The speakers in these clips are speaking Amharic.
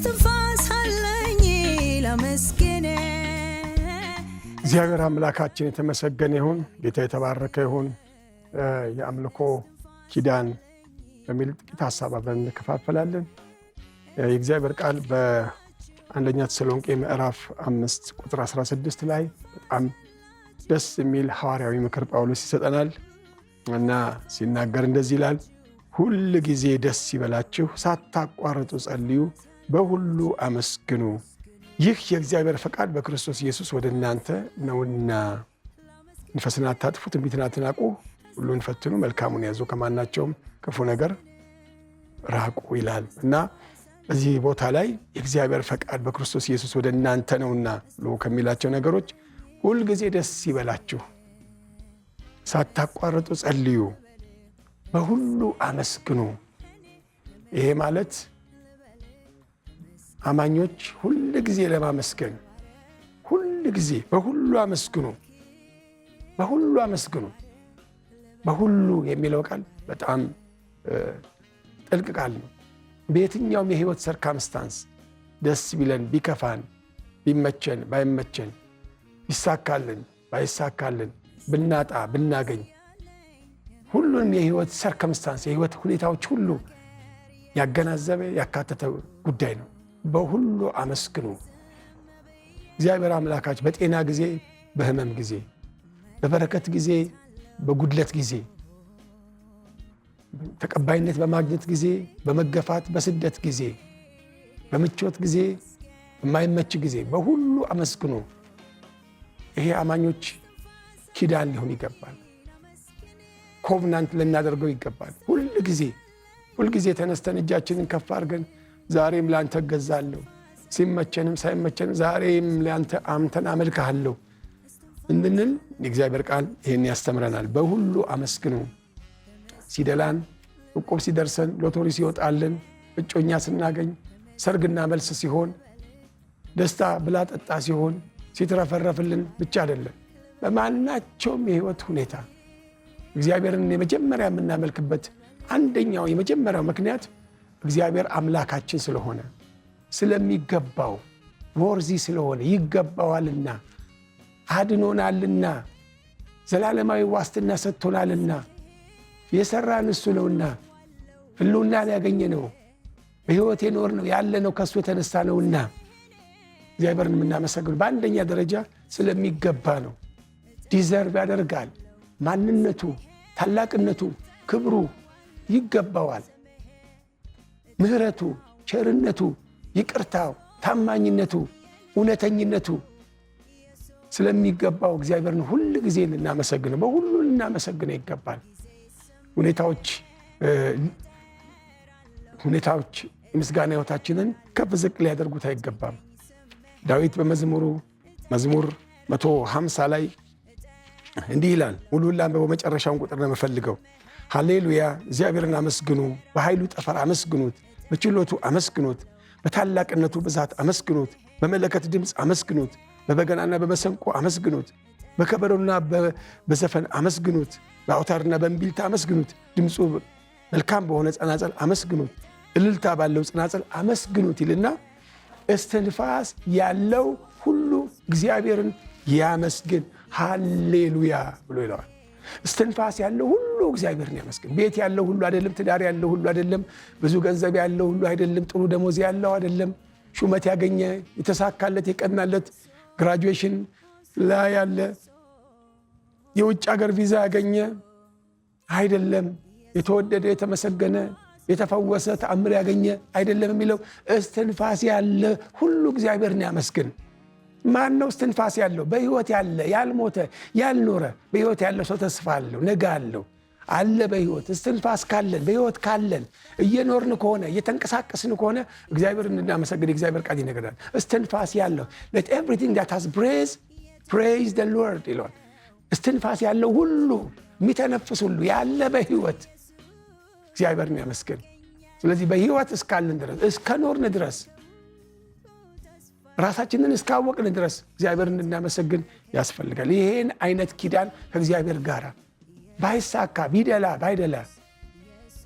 እስትንፋስ አለኝ እግዚአብሔር አምላካችን የተመሰገነ ይሁን፣ ጌታ የተባረከ ይሁን። የአምልኮ ኪዳን በሚል ጥቂት ሀሳብ አብረን እንከፋፈላለን። የእግዚአብሔር ቃል በአንደኛ ተሰሎንቄ ምዕራፍ አምስት ቁጥር 16 ላይ በጣም ደስ የሚል ሐዋርያዊ ምክር ጳውሎስ ይሰጠናል እና ሲናገር እንደዚህ ይላል ሁል ጊዜ ደስ ይበላችሁ፣ ሳታቋርጡ ጸልዩ በሁሉ አመስግኑ፣ ይህ የእግዚአብሔር ፈቃድ በክርስቶስ ኢየሱስ ወደ እናንተ ነውና። ንፈስን አታጥፉ፣ ትንቢትን አትናቁ፣ ሁሉን ፈትኑ፣ መልካሙን ያዙ፣ ከማናቸውም ክፉ ነገር ራቁ ይላል እና በዚህ ቦታ ላይ የእግዚአብሔር ፈቃድ በክርስቶስ ኢየሱስ ወደ እናንተ ነውና ብሎ ከሚላቸው ነገሮች ሁልጊዜ ደስ ይበላችሁ፣ ሳታቋርጡ ጸልዩ፣ በሁሉ አመስግኑ። ይሄ ማለት አማኞች ሁል ጊዜ ለማመስገን ሁል ጊዜ በሁሉ አመስግኑ፣ በሁሉ አመስግኑ። በሁሉ የሚለው ቃል በጣም ጥልቅ ቃል ነው። በየትኛውም የህይወት ሰርከምስታንስ ደስ ቢለን፣ ቢከፋን፣ ቢመቸን፣ ባይመቸን፣ ቢሳካልን፣ ባይሳካልን፣ ብናጣ፣ ብናገኝ ሁሉንም የህይወት ሰርከምስታንስ የህይወት ሁኔታዎች ሁሉ ያገናዘበ ያካተተ ጉዳይ ነው። በሁሉ አመስግኑ። እግዚአብሔር አምላካች በጤና ጊዜ፣ በህመም ጊዜ፣ በበረከት ጊዜ፣ በጉድለት ጊዜ፣ ተቀባይነት በማግኘት ጊዜ፣ በመገፋት በስደት ጊዜ፣ በምቾት ጊዜ፣ በማይመች ጊዜ፣ በሁሉ አመስግኑ። ይሄ አማኞች ኪዳን ሊሆን ይገባል። ኮቭናንት ልናደርገው ይገባል። ሁል ጊዜ ሁልጊዜ ተነስተን እጃችንን ከፍ አድርገን ዛሬም ለአንተ እገዛለሁ። ሲመቸንም ሳይመቸንም ዛሬም ለአንተ አምተን አመልክሃለሁ እንድንል የእግዚአብሔር ቃል ይህን ያስተምረናል። በሁሉ አመስግኑ። ሲደላን፣ እቁብ ሲደርሰን፣ ሎቶሪ ሲወጣልን፣ እጮኛ ስናገኝ፣ ሰርግና መልስ ሲሆን፣ ደስታ ብላ ጠጣ ሲሆን፣ ሲትረፈረፍልን ብቻ አይደለም። በማናቸውም የህይወት ሁኔታ እግዚአብሔርን የመጀመሪያ የምናመልክበት አንደኛው የመጀመሪያው ምክንያት እግዚአብሔር አምላካችን ስለሆነ ስለሚገባው ወርዚ ስለሆነ ይገባዋልና አድኖናልና ዘላለማዊ ዋስትና ሰጥቶናልና የሰራን እሱ ነውና ህልውናን ያገኘ ነው በህይወት የኖር ነው ያለ ነው ከእሱ የተነሳ ነውና እግዚአብሔርን የምናመሰግኑ በአንደኛ ደረጃ ስለሚገባ ነው። ዲዘርቭ ያደርጋል። ማንነቱ፣ ታላቅነቱ፣ ክብሩ ይገባዋል። ምሕረቱ፣ ቸርነቱ፣ ይቅርታው፣ ታማኝነቱ፣ እውነተኝነቱ ስለሚገባው እግዚአብሔርን ሁል ጊዜ ልናመሰግነው በሁሉ ልናመሰግነው ይገባል። ሁኔታዎች ሁኔታዎች ምስጋና ሕይወታችንን ከፍ ዝቅ ሊያደርጉት አይገባም። ዳዊት በመዝሙሩ መዝሙር 150 ላይ እንዲህ ይላል። ሙሉን ላንብበው፣ መጨረሻውን ቁጥር ነው የምፈልገው። ሃሌሉያ! እግዚአብሔርን አመስግኑ። በኃይሉ ጠፈር አመስግኑት። በችሎቱ አመስግኑት። በታላቅነቱ ብዛት አመስግኑት። በመለከት ድምፅ አመስግኑት። በበገናና በመሰንቆ አመስግኑት። በከበሮና በዘፈን አመስግኑት። በአውታርና በእምቢልታ አመስግኑት። ድምፁ መልካም በሆነ ጸናጸል አመስግኑት። እልልታ ባለው ጸናጸል አመስግኑት ይልና እስትንፋስ ያለው ሁሉ እግዚአብሔርን ያመስግን ሃሌሉያ ብሎ ይለዋል። እስትንፋስ ያለው ሁሉ እግዚአብሔርን ያመስግን። ቤት ያለው ሁሉ አይደለም፣ ትዳር ያለው ሁሉ አይደለም፣ ብዙ ገንዘብ ያለው ሁሉ አይደለም፣ ጥሩ ደሞዝ ያለው አይደለም፣ ሹመት ያገኘ የተሳካለት የቀናለት ግራጁዌሽን ላይ ያለ የውጭ ሀገር ቪዛ ያገኘ አይደለም፣ የተወደደ የተመሰገነ የተፈወሰ ተአምር ያገኘ አይደለም የሚለው እስትንፋስ ያለ ሁሉ እግዚአብሔርን ያመስግን። ማን ነው እስትንፋስ ያለው? በህይወት ያለ ያልሞተ ያልኖረ በህይወት ያለው ሰው ተስፋ አለው፣ ነገ አለው አለ በህይወት እስትንፋስ ካለን በህይወት ካለን እየኖርን ከሆነ እየተንቀሳቀስን ከሆነ እግዚአብሔር እንድናመሰግን እግዚአብሔር ቃል ይነግረናል። እስትንፋስ ያለው ለት ኤቭሪቲንግ ዳት ሃዝ ብሬዝ ፕሬይዝ ዘ ሎርድ ይለዋል። እስትንፋስ ያለው ሁሉ የሚተነፍስ ሁሉ ያለ በህይወት እግዚአብሔርን ያመስግን። ስለዚህ በህይወት እስካለን ድረስ እስከ ኖርን ድረስ ራሳችንን እስካወቅን ድረስ እግዚአብሔር እንድናመሰግን ያስፈልጋል። ይህን አይነት ኪዳን ከእግዚአብሔር ጋር ባይሳካ ቢደላ ባይደላ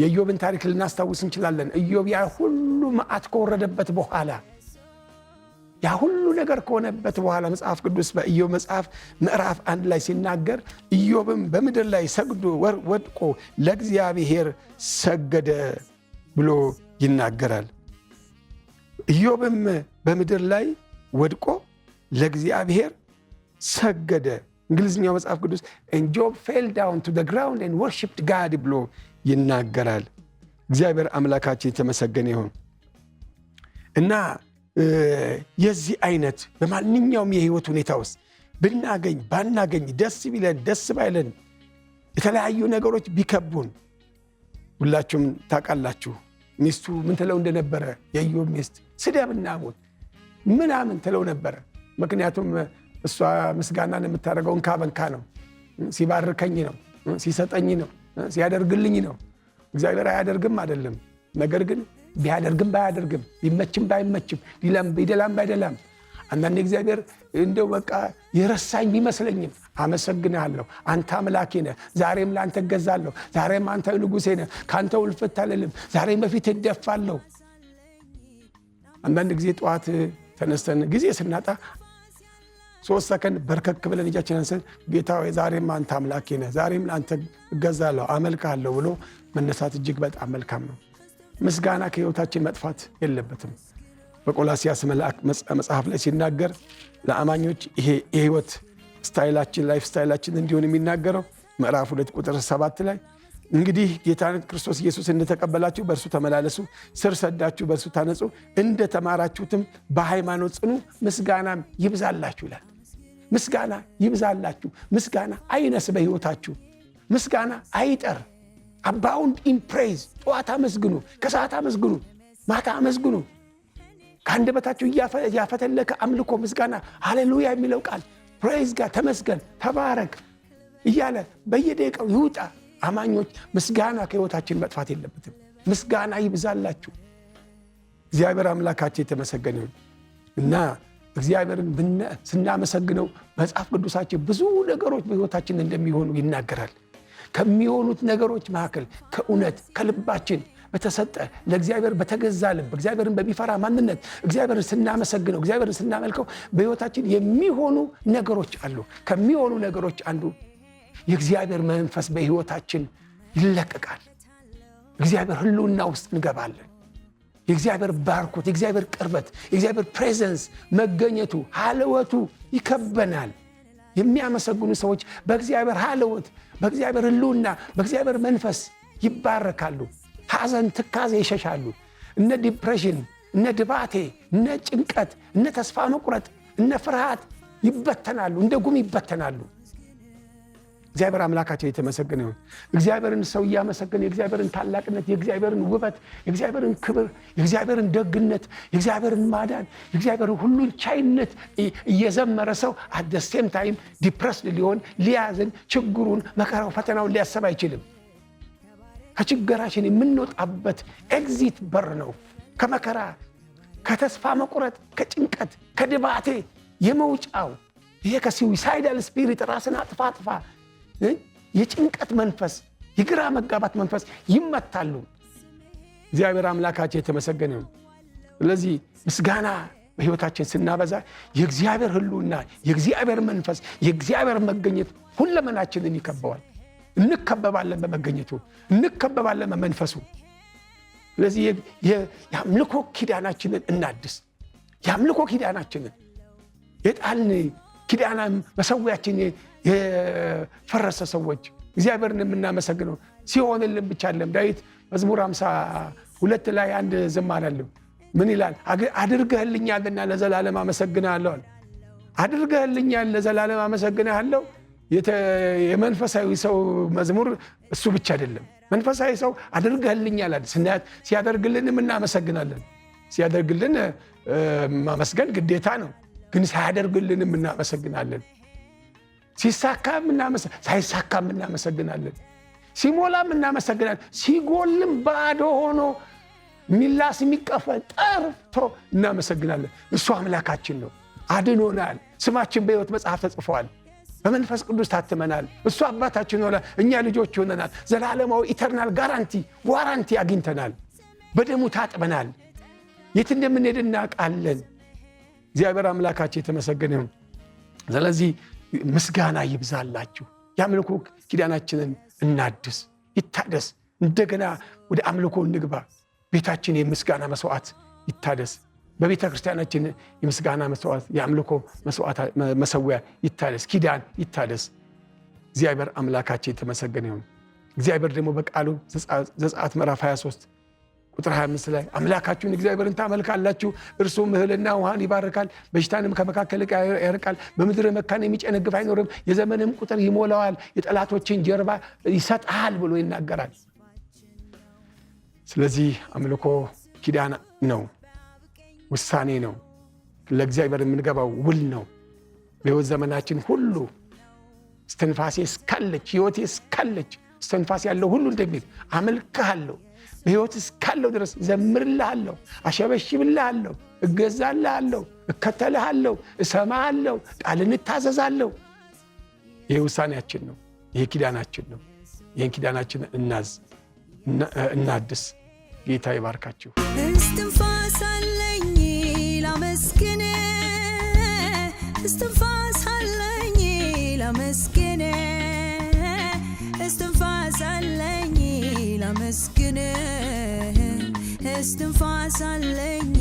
የኢዮብን ታሪክ ልናስታውስ እንችላለን። ኢዮብ ያ ሁሉ መዓት ከወረደበት በኋላ ያ ሁሉ ነገር ከሆነበት በኋላ መጽሐፍ ቅዱስ በኢዮብ መጽሐፍ ምዕራፍ አንድ ላይ ሲናገር ኢዮብም በምድር ላይ ሰግዶ ወድቆ ለእግዚአብሔር ሰገደ ብሎ ይናገራል። ኢዮብም በምድር ላይ ወድቆ ለእግዚአብሔር ሰገደ። እንግሊዝኛው መጽሐፍ ቅዱስ ኢዮብ ፌል ዳውን ቱ ግራውንድ ን ወርሽፕድ ጋድ ብሎ ይናገራል። እግዚአብሔር አምላካችን የተመሰገነ ይሁን እና የዚህ አይነት በማንኛውም የህይወት ሁኔታ ውስጥ ብናገኝ ባናገኝ፣ ደስ ቢለን ደስ ባይለን፣ የተለያዩ ነገሮች ቢከቡን ሁላችሁም ታውቃላችሁ። ሚስቱ ምን ትለው እንደነበረ የዮ ሚስት ስደብና ሞት ምናምን ትለው ነበረ። ምክንያቱም እሷ ምስጋናን የምታደርገው እንካ በንካ ነው፣ ሲባርከኝ ነው፣ ሲሰጠኝ ነው፣ ሲያደርግልኝ ነው። እግዚአብሔር አያደርግም አይደለም። ነገር ግን ቢያደርግም ባያደርግም፣ ቢመችም ባይመችም፣ ቢደላም ባይደላም አንዳንድ እግዚአብሔር እንደው በቃ የረሳኝ ቢመስለኝም አመሰግንሃለሁ። አንተ አምላኬ ነህ። ዛሬም ለአንተ እገዛለሁ። ዛሬም አንተ ንጉሴ ነህ። ከአንተ ውልፍት አልልም። ዛሬም በፊት እደፋለሁ። አንዳንድ ጊዜ ጠዋት ተነስተን ጊዜ ስናጣ ሶስት ሰከንድ በርከክ ብለን እጃችን አንስተን ጌታ ወይ ዛሬም አንተ አምላኬ ነህ፣ ዛሬም ለአንተ እገዛለሁ፣ አመልካለሁ ብሎ መነሳት እጅግ በጣም መልካም ነው። ምስጋና ከህይወታችን መጥፋት የለበትም። በቆላሲያስ መጽሐፍ ላይ ሲናገር ለአማኞች ይሄ የህይወት ስታይላችን ላይፍ ስታይላችን እንዲሆን የሚናገረው ምዕራፍ ሁለት ቁጥር ሰባት ላይ እንግዲህ ጌታን ክርስቶስ ኢየሱስ እንደተቀበላችሁ በእርሱ ተመላለሱ፣ ስር ሰዳችሁ በእርሱ ታነጹ፣ እንደተማራችሁትም በሃይማኖት ጽኑ፣ ምስጋናም ይብዛላችሁ ይላል። ምስጋና ይብዛላችሁ። ምስጋና አይነስ በህይወታችሁ። ምስጋና አይጠር። አባውንድ ኢምፕሬዝ ጠዋት አመስግኑ፣ ከሰዓት አመስግኑ፣ ማታ አመስግኑ። ከአንደበታችሁ እያፈተለከ አምልኮ፣ ምስጋና፣ ሃሌሉያ የሚለው ቃል ፕሬዝ ጋር ተመስገን፣ ተባረክ እያለ በየደቂቃው ይውጣ። አማኞች ምስጋና ከህይወታችን መጥፋት የለበትም። ምስጋና ይብዛላችሁ። እግዚአብሔር አምላካቸው የተመሰገነ እና እግዚአብሔርን ስናመሰግነው መጽሐፍ ቅዱሳችን ብዙ ነገሮች በህይወታችን እንደሚሆኑ ይናገራል። ከሚሆኑት ነገሮች መካከል ከእውነት ከልባችን በተሰጠ ለእግዚአብሔር በተገዛ ልብ እግዚአብሔርን በሚፈራ ማንነት እግዚአብሔርን ስናመሰግነው እግዚአብሔርን ስናመልከው በሕይወታችን የሚሆኑ ነገሮች አሉ። ከሚሆኑ ነገሮች አንዱ የእግዚአብሔር መንፈስ በሕይወታችን ይለቀቃል። እግዚአብሔር ህልውና ውስጥ እንገባለን። የእግዚአብሔር ባርኮት፣ የእግዚአብሔር ቅርበት፣ የእግዚአብሔር ፕሬዘንስ መገኘቱ ሀለወቱ ይከበናል። የሚያመሰግኑ ሰዎች በእግዚአብሔር ሀለወት፣ በእግዚአብሔር ህልውና በእግዚአብሔር መንፈስ ይባረካሉ። ሐዘን፣ ትካዜ ይሸሻሉ። እነ ዲፕሬሽን፣ እነ ድባቴ፣ እነ ጭንቀት፣ እነ ተስፋ መቁረጥ፣ እነ ፍርሃት ይበተናሉ፣ እንደ ጉም ይበተናሉ። እግዚአብሔር አምላካቸው የተመሰገነ ይሁን። እግዚአብሔርን ሰው እያመሰገነ የእግዚአብሔርን ታላቅነት፣ የእግዚአብሔርን ውበት፣ የእግዚአብሔርን ክብር፣ የእግዚአብሔርን ደግነት፣ የእግዚአብሔርን ማዳን፣ የእግዚአብሔር ሁሉን ቻይነት እየዘመረ ሰው አት ደ ሴም ታይም ዲፕረስድ ሊሆን ሊያዝን፣ ችግሩን፣ መከራው፣ ፈተናውን ሊያሰብ አይችልም። ከችግራችን የምንወጣበት ኤግዚት በር ነው። ከመከራ ከተስፋ መቁረጥ፣ ከጭንቀት፣ ከድባቴ የመውጫው ይሄ ከሲዊሳይዳል ስፒሪት ራስን አጥፋ አጥፋ የጭንቀት መንፈስ የግራ መጋባት መንፈስ ይመታሉ። እግዚአብሔር አምላካቸው የተመሰገነ ስለዚህ ምስጋና በህይወታችን ስናበዛ የእግዚአብሔር ህሉና፣ የእግዚአብሔር መንፈስ የእግዚአብሔር መገኘት ሁለመናችንን ይከበዋል። እንከበባለን በመገኘቱ፣ እንከበባለን በመንፈሱ። ስለዚህ የአምልኮ ኪዳናችንን እናድስ። የአምልኮ ኪዳናችንን የጣልን ኪዳና መሰዊያችን የፈረሰ ሰዎች እግዚአብሔርን የምናመሰግነው ሲሆንልን ብቻ አለም። ዳዊት መዝሙር አምሳ ሁለት ላይ አንድ ዝማሬ አለው። ምን ይላል? አድርገህልኛልና ለዘላለም አመሰግንሃለሁ። አድርገህልኛል ለዘላለም አመሰግንሃለሁ የመንፈሳዊ ሰው መዝሙር እሱ ብቻ አይደለም። መንፈሳዊ ሰው አድርገህልኛል አለ ስናያት፣ ሲያደርግልንም እናመሰግናለን። ሲያደርግልን ማመስገን ግዴታ ነው፣ ግን ሳያደርግልንም እናመሰግናለን። ሳይሳካም እናመሰግናለን። ሲሞላም እናመሰግናለን። ሲጎልም ባዶ ሆኖ ሚላስ የሚቀፈ ጠርቶ እናመሰግናለን። እሱ አምላካችን ነው፣ አድኖናል። ስማችን በሕይወት መጽሐፍ ተጽፏል። በመንፈስ ቅዱስ ታትመናል። እሱ አባታችን ሆነ፣ እኛ ልጆች ሆነናል። ዘላለማዊ ኢተርናል ጋራንቲ ዋራንቲ አግኝተናል። በደሙ ታጥበናል። የት እንደምንሄድ እናውቃለን። እግዚአብሔር አምላካቸው የተመሰገነ ይሁን። ስለዚህ ምስጋና ይብዛላችሁ። የአምልኮ ኪዳናችንን እናድስ፣ ይታደስ። እንደገና ወደ አምልኮ እንግባ። ቤታችን የምስጋና መስዋዕት ይታደስ። በቤተ ክርስቲያናችን የምስጋና መስዋዕት፣ የአምልኮ መሰዊያ ይታደስ፣ ኪዳን ይታደስ። እግዚአብሔር አምላካችን የተመሰገነ ይሁን። እግዚአብሔር ደግሞ በቃሉ ዘጸአት ምዕራፍ 23 ቁጥር 25 ላይ አምላካችሁን እግዚአብሔርን ታመልካላችሁ፣ እርሱም እህልና ውሃን ይባርካል፣ በሽታንም ከመካከል ያርቃል፣ በምድር መካን የሚጨነግፍ አይኖርም፣ የዘመንም ቁጥር ይሞላዋል፣ የጠላቶችን ጀርባ ይሰጣል ብሎ ይናገራል። ስለዚህ አምልኮ ኪዳን ነው። ውሳኔ ነው። ለእግዚአብሔር የምንገባው ውል ነው። በህይወት ዘመናችን ሁሉ እስትንፋሴ እስካለች ህይወቴ እስካለች እስትንፋሴ ያለው ሁሉ እንደሚል አመልክሃለሁ፣ በህይወት እስካለው ድረስ ዘምርልሃለሁ፣ አሸበሽብልሃለሁ፣ እገዛልሃለሁ፣ እከተልሃለሁ፣ እሰማሃለሁ፣ ቃልን እታዘዛለሁ። ይህ ውሳኔያችን ነው። ይህ ኪዳናችን ነው። ይህን ኪዳናችን እናዝ፣ እናድስ። ጌታ ይባርካችሁ። እስትንፋስ አለኝ ላመስግን እስትንፋስ አለኝ ላመስግን እስትንፋስ አለኝ